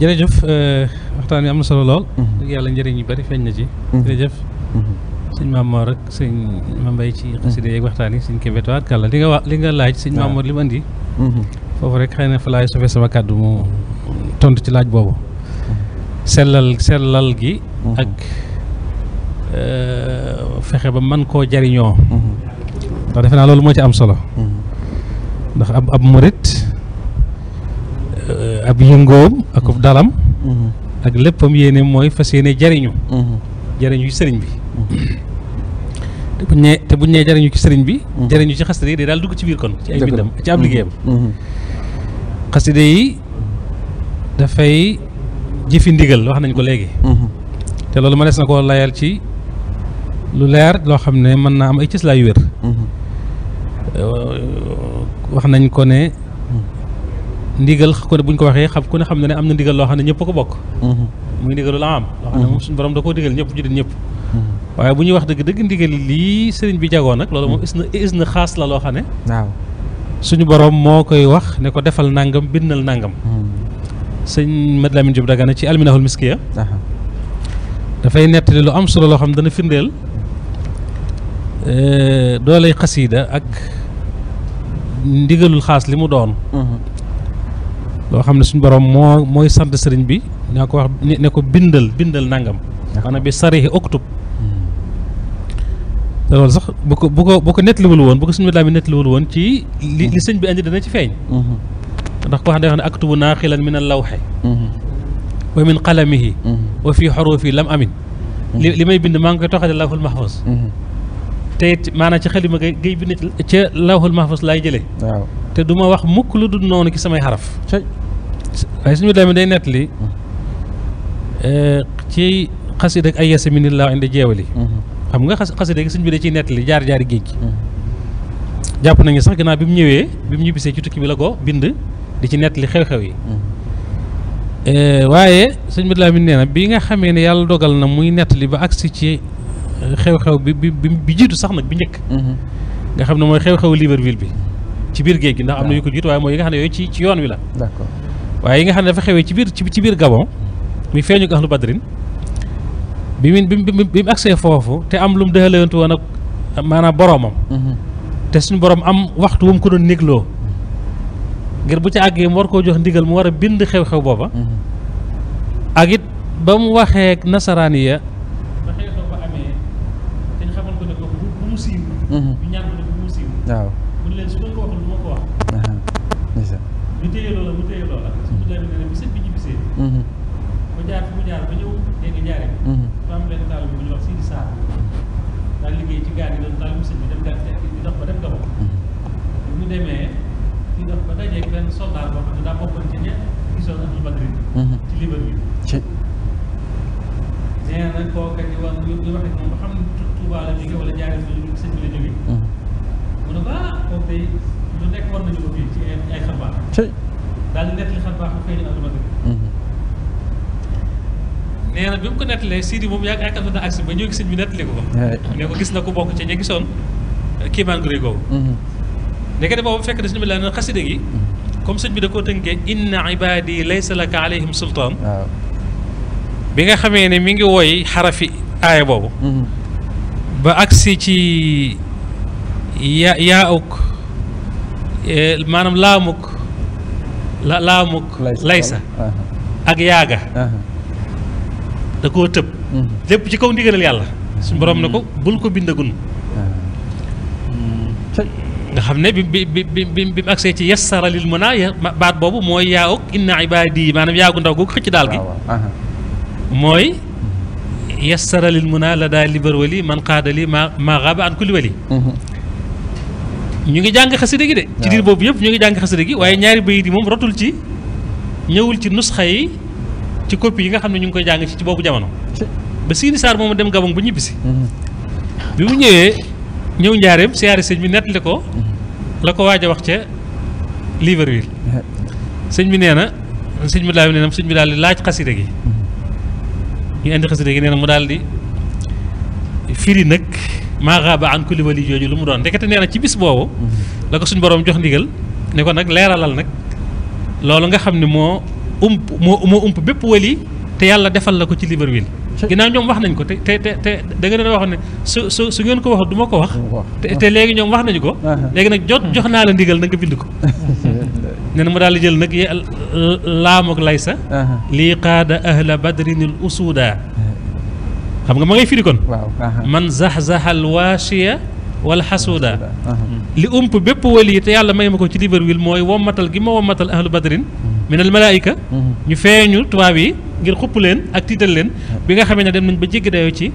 jërëjëf euh, waxtaan bi am na solo lool. Mhm. dëgg yàlla njëriñ yu bari feeñ na ci. Mhm. jërëjëf. Mhm. sëñ Mamor ak sëñ ci xasida yeeg waxtaan yi sëñ Kébé waat kàlla li nga wax li nga laaj sëñ Mamor li mu andi. xëy na fa laay sofee sama kàddu mu tontu ci laaj boobu. sellal sellal gi. ak euh, fexe ba man koo jariñoo ndax defe naa loolu moo ci am solo. ndax ab ab murit ab yëngoom akub mm-hmm. dalam mm-hmm. ak léppam yéene mooy fas yéene jariñu mm-hmm. jariñu ci sëriñ bi te bu nee te buñ nee jariñu ci sëriñ bi jariñu ci xasida yi day daal dugg ci biir kon ci ay bindam ci ab liggéeyam xasida yi dafay jëfi ndigal wax nañ ko léegi te loolu mënees na koo layal ci lu leer loo xam ne mën naa am ay cëslaay yu wér euh, wax nañ ko ne ndigal ko ne bu ko waxee xam ku ne xam ne ne am na ndigal loo xam ne ñëpp a ko bokk mhm. muy ndigalul am loo xam mhm. borom da koo digal ñëpp jullit ñëpp mhm. waaye bu ñuy wax dëgg dëgg ndigal lii sëriñ bi jagoo nag loolu moom is na is na xaas la loo xam ne waaw boroom moo koy wax ne ko defal nangam bindal nangam sëñ Mad Lamin Jóob Dagana ci alminahul miskiya dafay nettali lu am solo loo xam ne dana firndeel e, doolay xasiida ak ndigalul xaas li mu doon loo xam ne suñu borom moo mooy sant sëriñ bi ne ko wax ne ko bindal bindal nangam. maanaam bi sarixi oktub hmm. te loolu sax bu ko bu ko bu ko nettaliwul woon bu ko suñu daal bi nettaliwul woon ci li li sëñ bi andi dana ci feeñ. Hmm. ndax ko xam ne dañoo xam ne aktubu naaxilan min al lawxe hmm. wa min qalamihi wa fii xurufi lam amin. li may bind maa ngi koy toxale lawxul mahfuz. te it maanaam ci xalima gay gay bind ca lawxul mahfuz laay jëlee. waaw te du ma wax mukk lu dul noonu ci samay xaraf. waaye suñu demee day nettali eh, ci xasida ak ay yasaminillaahu indi jeewali mm-hmm. xam nga xas xasida gi suñ bi da ciy nettali jaar jaari géej gi mm-hmm. sax gannaaw bi mu ñëwee bi mu ñibbisee ci bind di ci nettali xew-xew yi mm-hmm. eh, waaye sëñ bi laa mi nee na bi nga xamee ne yàlla dogal na muy nettali ba agsi ci eh, xew-xew bi bi bi jiitu sax nag bi njëkk nga xam ne mooy xew-xew Libreville bi ci biir géej gi ndax am na yu ko jiitu waaye mooy yi nga xam ne yooyu ci ci yoon wi la waaye yi nga xam ne dafa xewee ci biir ci biir Gabon mi feeñu ahlu badrin bi mu bi mu agsee foofu te am lu mu dëxalewantu woon ak maanaam boroomam mhm. te suñu borom am waxtu wu mu ko doon négloo ngir bu ca àggee mu war koo jox ndigal mu war a bind xew-xew booba mhm. ak ba mu waxee nasaraan ya mhm. waaw seen. Mhm. ba jaar fi mu jaar ba ñëw léegi jaaree. Mhm. dafa am benn taal bu ci gaal gi doon taal sëñ bi dem gàtt di dox ba dem dox bu ñu demee di dox ba dajeeg benn soldat boo xam ne daa bokkoon mhm. na kooka di mu ne ko ah kooku ci ay xabaar. daal di nettali xar baax bu feeñu ko na agsi ba ñëw sëñ nettali ko ko. ne gis na ku bokk ca ña gisoon euh, kiimaan gu rëy googu. Mm-hmm. ndekete boobu fekk na suñu bi laa ne xaside gi. Mm-hmm. comme bi da koo tënkee inna ibaadi laysa laka alayhim sultaan bi nga xamee ne mi ngi woy xarafi aaya boobu mm-hmm. ba agsi ci ya yaa eh, maanaam laamuk la laamuk laysa ak yaaga da koo tëb mhm. lépp ci kaw ndigalal yàlla suñu borom na ko mhm. bul ko bindagun nga xam ne bi bi bi bi bi mu agsee ci yassara lil mun a baat boobu mooy yaa uk inna ibaadi maanaam yaagu ndaw googu xëcc daal gi mooy mhm. yassara mun a la daal libar man qaada li ma xaaba an kulli wali ñu ngi jàng xasida gi de ci diir boobu yëpp ñu ngi jàng xasida gi waaye ñaari bayit yi moom rotul ci ñëwul ci nusxa yi ci copie yi nga xam ne ñu ngi koy jàng ci ci boobu jamono ba siini saar moom dem gabon ba ñibbisi mm-hmm. bi mu ñëwee ñëw njaareem siyaari sëñ bi nettali ko mm-hmm. la ko waaj a wax ca Libreville mm-hmm. sëñ bi nee na sëñ bi daal nee na sëñ bi daal di laaj xasida gi ñu indi xasida gi nee na mu daal di firi nag maaxaaba an kulli wali jooju lu mu doon ndekete nee na ci bis boobu la ko suñu boroom jox ndigal ne ko nag leeralal nag loolu nga xam ne moo ump moo moo ump bépp wali te yàlla defal la ko ci Libreville ginnaaw ñoom wax nañ ko te te te te da nga doon waxoon ne su su ngeen ko wax du ko wax te léegi ñoom wax nañu ko léegi nag jot jox naa la ndigal nag nga bind ko nee na mu daal di jël nag laam ak lay sa lii qaada ahla badrinil usuuda xam nga ma ngay firi kon man zaxzaxal waasiya wal xasuuda li ump bépp wali te yàlla may ma ko ci Libreville mooy wommatal gi ma wommatal ahlu badrin min al malaayika mhm. ñu feeñu tubaab yi ngir xupp leen ak tiital leen bi nga xamee ne dem nañ ba jéggi dayoo ci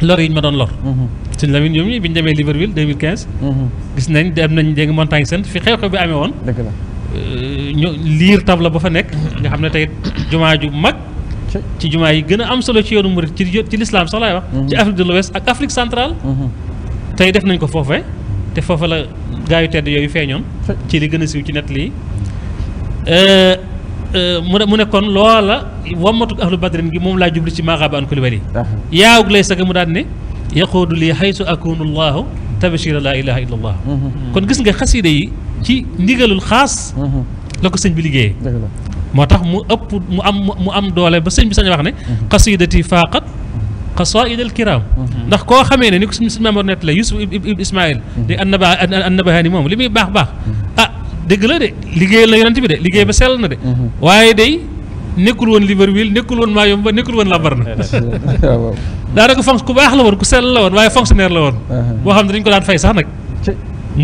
lor yi ñu ma doon lor mhm. suñ la ñoom bi ñu demee Libreville 2015 mhm. gis nañ dem nañ dégg montagne seen fi xew-xew bi amee woon euh, ñu liir tabla ba fa nekk nga xam ne tey jumaa ju mag ci jumaa yi gën a am solo ci yoonu murit ci ci lislaam sax laay wax mhm. ci Afrique de l'Ouest ak Afrique centrale mhm. tey def nañ ko foofee te foofa la gaa yu tedd yooyu feeñoon ci li gën a siiw ci net lii euh, euh, mu ne mu ne kon loola wammatuk ahlu badrin gi moom laa jublu ci maaxaaba an kulibali yaawug lay saga mu daan ne yaquudu lii xaytu akunu llaahu tabashira laa ilaha illa allah mhm. kon gis nga xasida yi ci ndigalul xaas la ko sëñ bi liggéeyee moo tax mu ëpp mu am mu am doole ba sëñ bi sañ wax ne mhm. xasidati faaqat xasaidal kiram mhm. ndax koo xamee ne ni ko suñu suñu maamoor nett la yusuf ibn ismail mhm. di annaba annabahaani moom li muy baax baax ah dëgg la de liggéeyal na yonent bi de liggéey ba sell na de waaye day nekkul woon Libreville nekkul woon ba nekkul woon Lambaréné daanaka fonction ku baax la woon ku sell la woon waaye fonctionnaire la woon uh-huh. boo xam ne dañ ko daan fay sax nag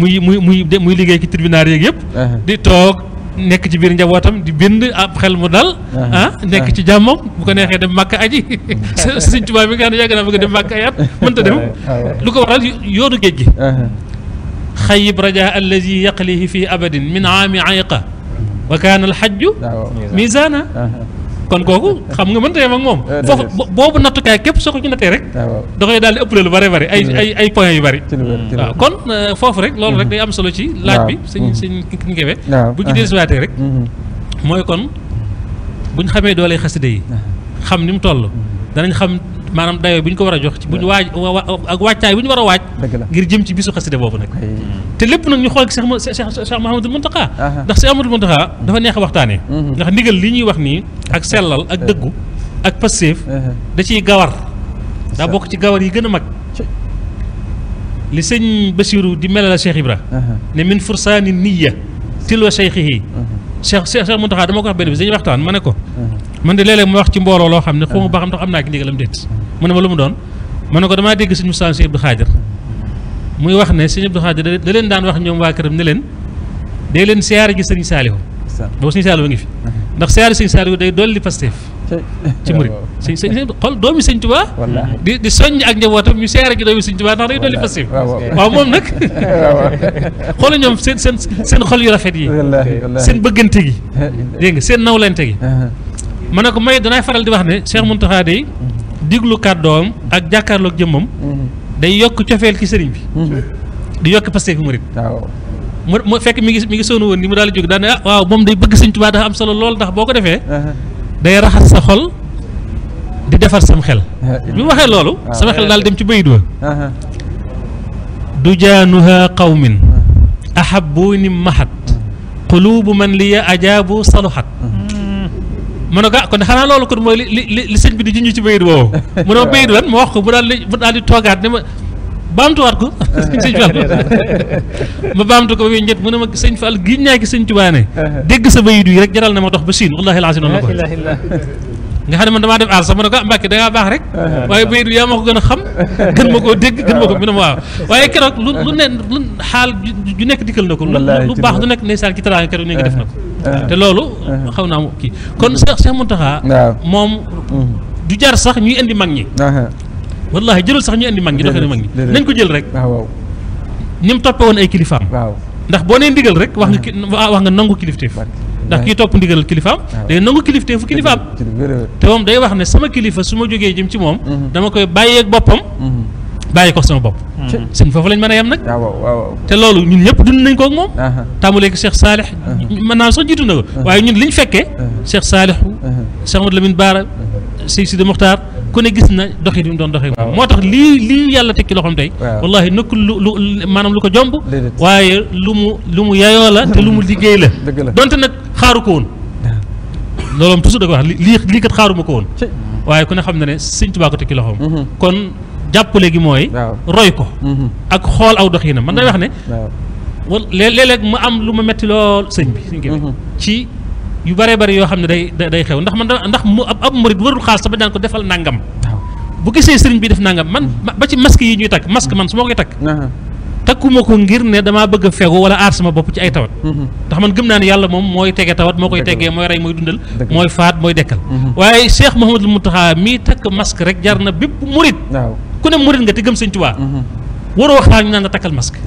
muy muy muy muy liggéey ci tribunal yeeg yëpp uh-huh. di toog nekk ci biir njabootam di bind ab xel mu dal ah, nekk ci jàmmam bu ko neexee dem màkk aji sëñ Tuubaa bi nga xam ne yàgg naa dem màkk ay at mënta dem lu ko waral yoonu géej gi xayib raja allazi yaqlihi fi abadin min aami ayqa wa kaana alxajju misaana kon kooku xam nga mënta yem ak moom eh, foofu boobu nattukaay képp soo ko ci nattee rek ah, da koy daal di ëppale lu bëri bëri ay ay ay points yu bëri waaw ah, kon eh, foofu rek loolu rek mm-hmm. day am solo ci laaj bi sëñ mm-hmm. sëñ kiñ kebe bu ñu ah. dellusiwaatee rek mm-hmm. mooy kon buñ xamee doole xasida yi xam ni mu toll danañ xam maanaam dayoo bi ñu ko war a jox ci bu ñu waaj ak waajtaay bu ñu war a waaj ngir jëm ci bisu xasida boobu nag te lépp nag ñu xool ci Cheikh Cheikh Mahamadul Muntaxa ndax Cheikh Mahamadul Muntaxa dafa neex a waxtaanee mhm. ndax ndigal li ñuy wax nii ak sellal ak eh. dëggu ak passeef eh. da ciy gawar daa bokk ci gawar yi gën a mag li sëñ Basiru di melal Cheikh Ibra ne min fursaani niya tilwa cheikhihi mhm. Cheikh Cheikh Muntaxa dama ko wax benn bi dañuy waxtaan ma ne ko mhm. man de léeg ma wax ci mbooloo loo xam ne xaw ma ba xam ndax am naa ki ndigalam déet mu ne ma lu mu doon ma ne ko damaa dégg suñu Moussa sëñ Abdou Khadir muy wax ne sëñ Abdou Khadir da leen daan wax ñoom waa këram ne leen day leen siyaare ji sëñ Saalihu boobu sëñ Saalihu ngi fi ndax siyaare sëñ Saalihu day dolli Pastef ci murid sëñ sëñ xool doomi sëñ Tuubaa di di soññ ak njabootam ñu seere ji doomi sëñ Tuubaa ndax day dolli Pastef waaw moom nag xool ñoom seen seen seen xol yu rafet yi seen bëggante gi dégg nga seen nawlante gi uh-huh. ma na ko may danaa faral di wax ne Cheikh Mountakha day diglu kàddoom ak jàkkaarloog jëmmam mhm. day yokk cofeel ki sëriñ bi mhm. di yokk pasteef bi murit mu fekk mi ngi mi ngi sonn woon ni mu daal di jóg daal ne ah waaw moom day bëgg sëñ Tuubaa dafa am solo lool ndax boo ko defee mhm. day raxas sa xol di defar sam xel bi mu waxee loolu sama xel daal dem ci bayit wa dujaanuha qawmin ahabuni mahat qulubu man liya ajaabu xat mu ne ko ah kon xanaa loolu kon mooy li li li sëñ bi di junj ci bayit boobu mu ne ma bayit lan ma wax ko mu daal di daal di toogaat ne ma baamtuwaat ko ma baamtu ko ba muy ñett mu ne ma sëñ Fall giñ naa ki sëñ Tuubaa ne uh-huh. dégg sa bayit yi rek na ma dox ba siin wallaahi laa si noonu nga xam damaa def aar sax ma ne ko ah baax rek uh-huh. waaye bayit yaa ma ko a xam gën ma koo dégg ko mu ne ma waaw waaye keroog lu lu ne lu xaal ju nekk dikkal na ko lu baax lu nekk ndeysaan ci teraanga keroog ne nga def na ko Ah. te loolu ah. xaw naa mu kii kon Cheikh Cheikh Mountakha moom mm-hmm. du jar sax ñuy indi mag ñi ah, wallahi jëlul sax ñuy indi mag ñi doxee mag ñi nañ ko jël rek ñi mu toppe woon ay kilifaam ndax boo nee ndigal rek wax nga wax nga nangu kilifteef ndax ki topp ndigalal kilifaam day nangu kilifteefu kilifaam te moom day wax ne sama kilifa su ma jógee jëm ci moom mm-hmm. dama koy bàyyeeg boppam mm-hmm. bàyyi ko sama bopp. Mm-hmm. sëñ foofu lañ mën a yem nag. Ah, te loolu ñun ñëpp dund nañ ko ak moom. Ah, ah. tàmbalee ko Cheikh Salih. mën naa sax jiitu na ko. waaye ñun li ñu fekkee. Cheikh Salih. Cheikh Amadou Lamine Baara. Cheikh Sidi Mokhtar. ku ne gis na doxi bi mu doon doxee moo tax lii lii yàlla tekki loxoom tey wallahi nëkkul lu lu maanaam lu ko jomb waaye lu mu lu mu yayoo la te lu mu liggéey la donte nag xaaru ko woon looloom toujours da ko wax lii lii kat xaaruma ko woon waaye ku ne jàppale gi mooy. roy ko. Mhm. ak xool aw doxiinam man day wax ne. wala léeg-léeg mu am lu ma metti lool sëñ bi. Mhm. ci yu bëree bëri yoo xam ne day day xew ndax man ndax mu ab ab murid warul xaalis sama daan ko defal nangam. bu gisee sëriñ bi def nangam man mhm. ba ci masque yi ñuy takk masque man su ma koy takk. takkuma ko ngir ne damaa bëgg a fegu wala aar sama bopp ci ay tawat ndax man gëm naa ne yàlla moom mooy tege tawat moo koy tegee mooy rey mooy dundal mooy faat mooy dekkal waaye Cheikh Mouhamadul Mountakha mii takk masque rek jar na bépp murit ku ne murit nga te gëm sëñ Tuubaa mhm. waroo wax naa ñu naan la takkal masque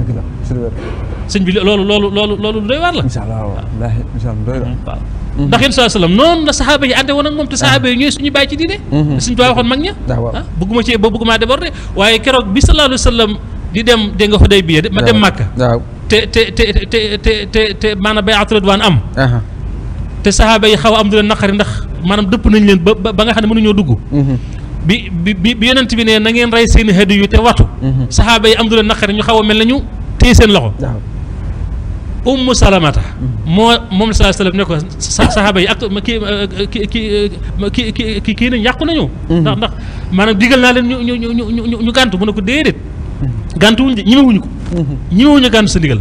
sëñ bi loolu loolu loolu loolu doy waar la waaw mhm. ndax yéen saa sallam noonu la saxaaba yi ànde woon ak moom te saxaaba yi ñooy suñu bàyyi ci diine suñu mhm. tubaab waxoon mag ña ah bëgguma ci ba bëgguma déborder waaye keroog bi sallallahu alayhi wa sallam di dem dégg nga xuday bi ma dem màkka te te te te te te te maanaam bay atul ridwaan am te saxaaba yi xaw am du leen naqari ndax maanaam dëpp nañ leen ba ba nga xam ne mënuñoo dugg bi bi bi yonent bi ne na ngeen rey seen i hadi yu te watu mhm. saxaaba yi am du leen naqari ñu xaw a mel nañu téye seen loxo ummu salamata mhm. moo moom saxaaba yi ak kii ki ki ki ki kii nañ yàqu nañu mhm. ndax ndax maanaam digal naa leen ñu ñu ñu ñu ñu gàntu mu ne ko déedéet gàntuwuñ ñimewuñu ko ñimewuñu gàntu sa ndigal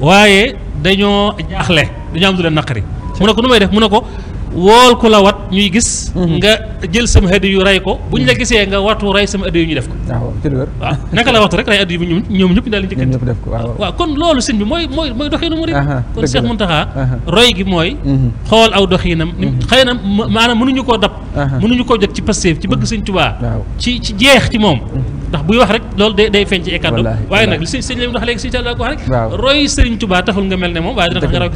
waaye dañoo jaaxle dañoo am du leen naqari mu ne ko nu may def mu ne ko wool ku la wat ñuy gis nga jël sam hadi yu rey ko buñ la gisee nga wattu rey sam hadi yu ñu def ko waaw naka la waxtu rek rey hadi yu ñoom ñoom ñëpp ñu daal di njëkkati waaw kon loolu sëñ bi mooy mooy mooy doxiinu murid kon Cheikh Mountakha mhm. mhm. ci Pastef ci bëgg mhm. sëñ Tuubaa wax rek loolu day day feeñ ci ay waaye nag li sëñ sëñ la wax léegi sëñ Talla ko wax rek roy sëriñ Tuubaa taxul nga mel ne moom waaye dina tax nga raw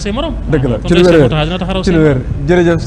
ko say